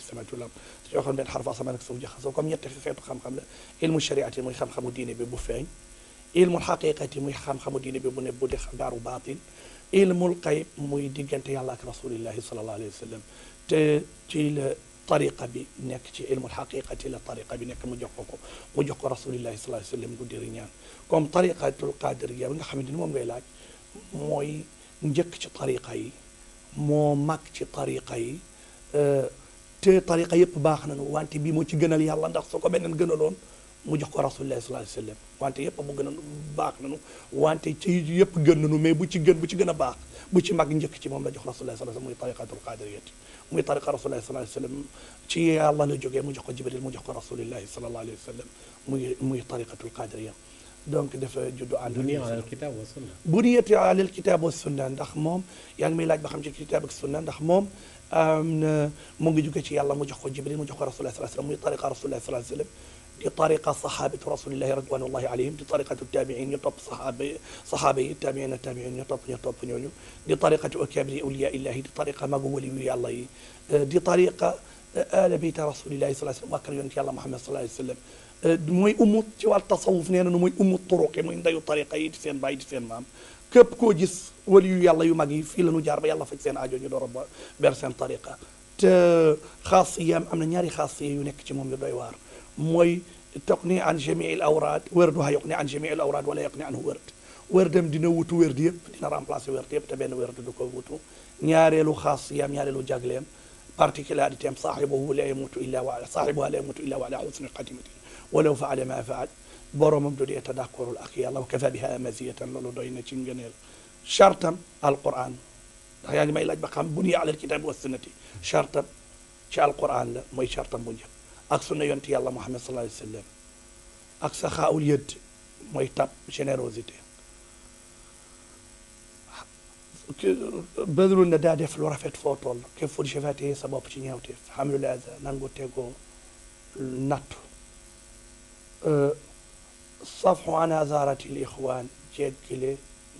samatu lam su waxoon benn xarfa asamaan ak suuf jaxasoo comme ñetti xeetu xam-xam la ilmu shariati muy xam-xamu diine bi bu feeñ ilmul xaqiqati muy xam-xamu diine bi bu ne bu di xabaaru baatin ilmul xayb muy diggante yàlla ak rasulillahi sallallahu alayhi wa sallam te ci la tariqa bi nekk ci ilmul xaqiqati la tariqa bi nekk mu jox ko ko mu jox ko rasulillahi sallallahu alayhi wa sallam guddiri ñaan comme tariqatul qadiriya bi nga xamante ni moom ngay laaj mooy njëkk ci tariqa yi moo mag ci tariqa yi euh, te tariqa yëpp baax nañu wante bii moo ci gënal yàlla ndax su ko beneen gënaloon mu ko rasulullah sallallahu alayhi wasallam wante yëpp bu gën baax nañu wante ci yëpp gën nañu mais bu ci gën bu ci gën a baax bu ci mag njëkk ci moom la jox rasulullah sallallahu alayhi wasallam muy tariqatul qadiriyati muy tariqa rasulullah sallallahu alayhi wasallam ci yàlla la jógee mu jox ko jibril mu jox ko rasulullah sallallahu alayhi wasallam muy muy tariqatul qadiriya donc dafa juddu ànd buniyati alal kitab wa sunna ndax moom yaa ngi laaj ba xam ci kitab ak sunna ndax moom mu ngi jóge ci yàlla mu jox ko jibril mu jox ko rasulillah sallallahu alayhi wasallam muy tariqa rasulillah sallallahu alayhi wasallam di tariqa saxaabatu rasulillahi radwanullahi alayhim di tariqatu taabiin ñu topp saxaaba saxaaba yi taabiina taabiin ñu topp ñu topp ñooñu di tariqatu akabiri awliya illahi di tariqa magu waliyu yàlla yi eh, di tariqa eh, ala beyta rasulillahi sallallahu alayhi wasallam waa kër yonent yàlla Muhammad sallallahu alayhi wasallam eh, mooy umu ci wàllu tasawuf nee na nu mooy umu turuq yi muy ndeyu tariqa yi di seen bàyyi di seen maam képp koo gis wali yu yàlla yu mag yi fii la ñu jaar ba yàlla faj seen aajo ñu door ba ber seen tariqa te am na ñaari xaasiya yu nekk ci moom yu doy waar mooy taqni an jamii l awraad werduha yaqni an jamii l awraad wala yaqni anhu werd werdam dina wutu werd yëpp dina remplacer werd yëpp te benn werd du ko wutu ñaareelu xaasiyaam ñaareelu jagleem particularité am saaxibuhu la yamutu illa wa ala saaxibuha la yamutu illa wa ala xusni xatimati walaw faala ma faal boroomam du dee te d'accordul ak yàlla wa kafa biha maziyatan loolu doy na ci ngëneel chartam alquran ndax may laaj ba xam buniya alal kitabi wa sunnati chartam ci alquran la mooy chartam bu ak sunna yonti yàlla muhammad sallallahu alayhi wa sallam ak saxaawul yëdd mooy tab générosité bëdru na daa def lu rafet foo toll képp fu di fàtte sa bopp ci ñeewteef alhamdulilah nangu tegoo nattu euh, safxu an hazaaratil ixwaan jéggile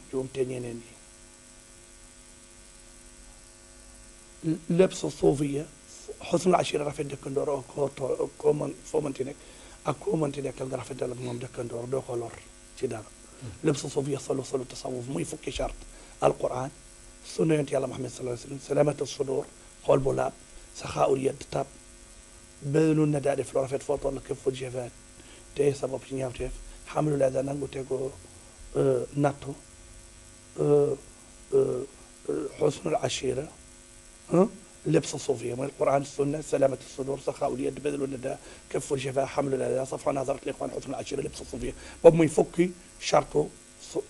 njuumte ñeneen yi lépp sa suufiya xusnul ashira rafet dëkkandoor ak koo too koo mën foo mënti nekk ak koo mënti nekkal nga rafetal ak moom dëkkandoor doo ko lor ci dara lépp sa suufiya solo solo tasawuf muy fukki chart alquran sunna yonent yàlla Muhammad sallallahu alayhi wa sallam salamata sudur xool bu laab saxaawul yedd tab benn nun na daa def lu rafet foo toll képp fa jëfaat tey sa bopp ci ñaawteef alhamdulilah nangu tegoo nattu xusnul ashira لبس الصوفية من القرآن السنة سلامة الصدور سخاء اليد بذل النداء كف الجفاء حمل الأذى صفحة نظرة الإخوان حسن العشيرة لبس الصوفية بم يفكي شرطه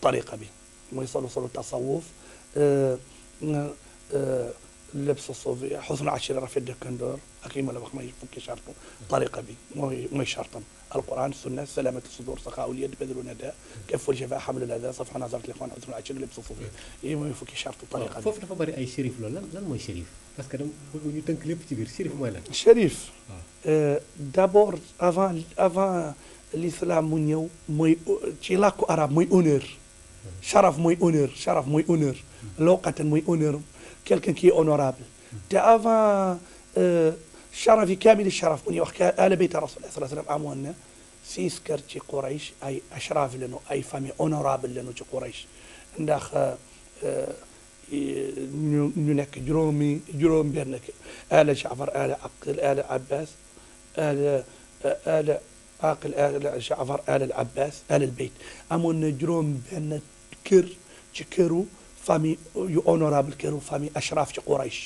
طريقة به ما يصلوا صلوا التصوف آه آه لبس الصوفية حسن العشيرة رفع الدكندور أكيم ولا ما يفكي شرطه طريقة به ما يشرطم القران السنه سلامه الصدور سخاء اليد بذل النداء كف الجفاء حمل الاذى صفحه نظره الاخوان حسن العشر لبس الصوفيه yooyu mooy fukki charte tariqa foofu dafa bari ay shérif loolu lan lan mooy shérif parce que dama bëgg ñu tënk lépp ci biir shérif mooy lan shérif d'abord avant avant l'islam mu ñëw mooy ci làkku arab mooy honneur sharaf mooy honneur sharaf mooy honneur lawqatan mooy honneur quelqu'un qui est honorable te avant euh, sharafi kaamili sharaf bu ñuy wax ala bayta rasulillah sallallahu alayhi wa sallam amoon na six kër ci Quraysh ay ashraaf lañu ay famille honorable lañu ci Quraysh ndax ñu ñu nekk juróomi juróom-benn ala Jaafar ala Aqil ala Abbas ala ala Aqil ala Jaafar ala Abbas ala Bayt amoon na juróom-benn kër ci këru famille yu honorable këru famille ashraaf ci Quraysh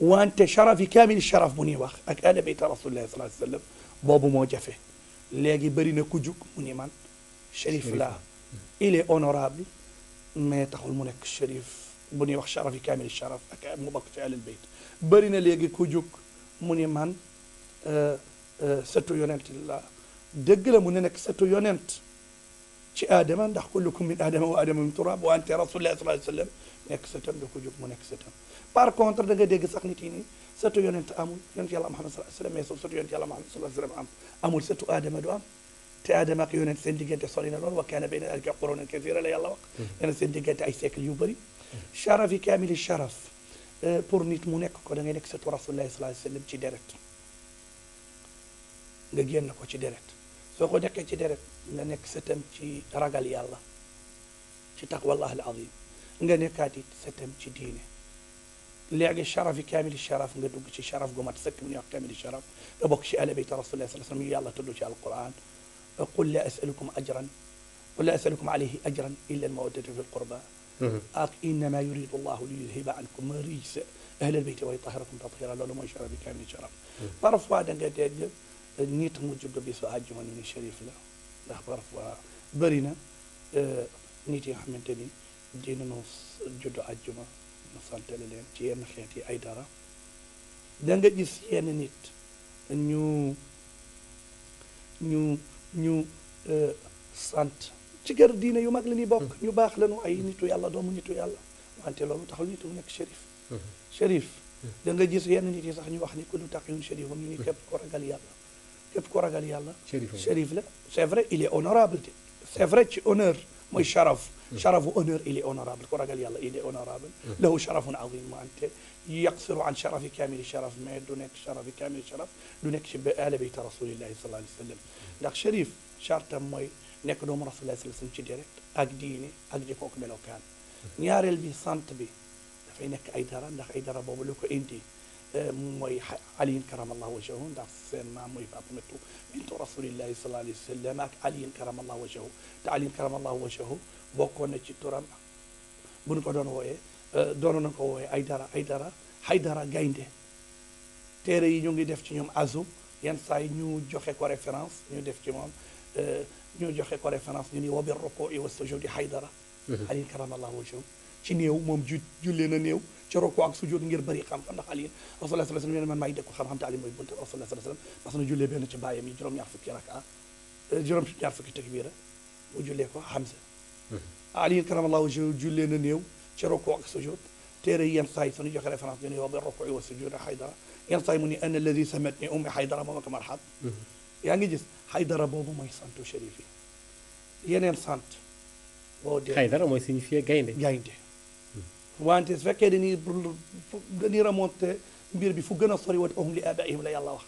wa anta sharafi kaamil sharaf bu ñuy wax ak ahla bayt rasulillahi sallallahu alayhi wasallam boobu moo jafe léegi bëri na ku jug mu ni man shérif la il est honorable mais taxul mu nekk shérif bu ñuy wax sharafi kaamil sharaf ak mu bokk ci ahlul bayt bëri na léegi ku jug mu ni man euh, euh, sëtu yonent la dëgg la mu ne nekk sëtu yonent ci aadama ndax kullukum min aadama wa aadama min turab wa nekk sëtam mu nekk sëtam par contre da nga dégg sax nit yi nii sëtu yonent amul yonent yàlla Muhammad sallallahu yonent yàlla Muhammad sallallahu alayhi wa sallam am amul yonent seen diggante sori na lool wa kaana bayna daalika quruunan kasiira la yàlla wax mm-hmm. yonent seen diggante ay siècle yu bëri charaf mm-hmm. yi kaamili charaf euh, pour nit mu nekk ko da ngay nekk sëtu rasulullah sallallahu alayhi wa sallam ci deret nga génn ko ci deret soo ko nekkee ci deret nga nekk sëtam ci ragal yàlla ci taqwallah al azim nga nekkaat it sëtam ci diine léegi sharaf yi kaamili sharaf nga dugg ci sharaf gu mat sëkk mu ñuy wax kaamili sharaf nga bokk ci ahlu bayt rasulillah sallallahu alayhi wa sallam yu yàlla tudd ci alquran qul la asalukum ajran qul la asalukum alayhi ajran illa almawaddata fi alqurba mm-hmm. ak innama yuridu llahu li yudhiba ankum rijsa ahlal bayt wa yutahirakum tathira loolu mooy sharaf yi kaamili sharaf mm-hmm. parfois da nga dégg nit mu judd bisu àjjuma ni shérif la ndax parfois bëri na euh, nit yi nga xamante ni dinañu judd àjjuma ñu santale leen ci yenn xeet yi ay dara da nga gis yenn nit ñu ñu ñu euh, sant ci kër diine yu mag la ñuy bokk ñu baax lañu ay nitu yàlla doomu nitu yàlla wante loolu taxul nit mu nekk shérif shérif mhm. mhm. da nga gis yenn nit yi sax ñu wax ni ku lu tax yun shérif am ñu ni képp ko ragal yàlla képp ku ragal yàlla chérif la c'est vrai il est honorable c'est vrai ci honneur mooy sharaf sharafu honneur il est honorable ku ragal yàlla il est honorable lahu sharafun azim ante yaqsiru an sharafi kamili sharaf mais du nekk sharafi kamili sharaf du nekk ci ahli bayt rasulillahi sallallahu alayhi wa sallam ndax chérif chartam mooy nekk doomu rasulillahi sallallahu alayhi wa sallam ci direct ak diine ak jëkkook melokaan ñaareel bi sant bi dafay nekk ay dara ndax ay dara boobu lu ko indi mooy aliyin karamallahu wajahu ndax seen maam mooy fatimatu bintu rasulillahi sallallahu alayhi wa sallam ak aliyin karamallahu wajahu te aliyin karamallahu wajahu bokkoon na ci turam bu ñu ko doon wooyee euh, doon na ko wooyee ay dara ay dara ay dara gaynde téere yi ñu ngi def ci ñoom azu yenn saa yi ñu joxe ko référence ñu def ci moom euh, ñu joxe ko référence ñu ni wa bir ruku'i wa sujudi haydara mhm. ci néew moom ju jullee na néew ci roko ak sujud ngir bëri xam-xam ndax ali rasulullah sallallahu ma wasallam nee na man maay dëkk xam-xam te ali mooy buntu rasulullah sallallahu alayhi wasallam parce que jullee benn ci bàyyam yi juróom-ñaar fukki raka eh, juróom-ñaar fukki takbira mu mm-hmm. na néew ci roko ak sujud téere yi yenn saa yi suñu joxe référence ñu ne yow bi roko wa sujud Haydara yenn saa yi mu ni ana alladi samatni ummi Haydara moom ak marhab mm-hmm. yaa ngi gis Haydara boobu mooy santu shérif yi yeneen sant boo dee Haydara mooy signifié gaynde gaynde wante su fekkee dañuy dañuy remonté mbir bi fu gën a sori wati ohum li abaihim la yàlla wax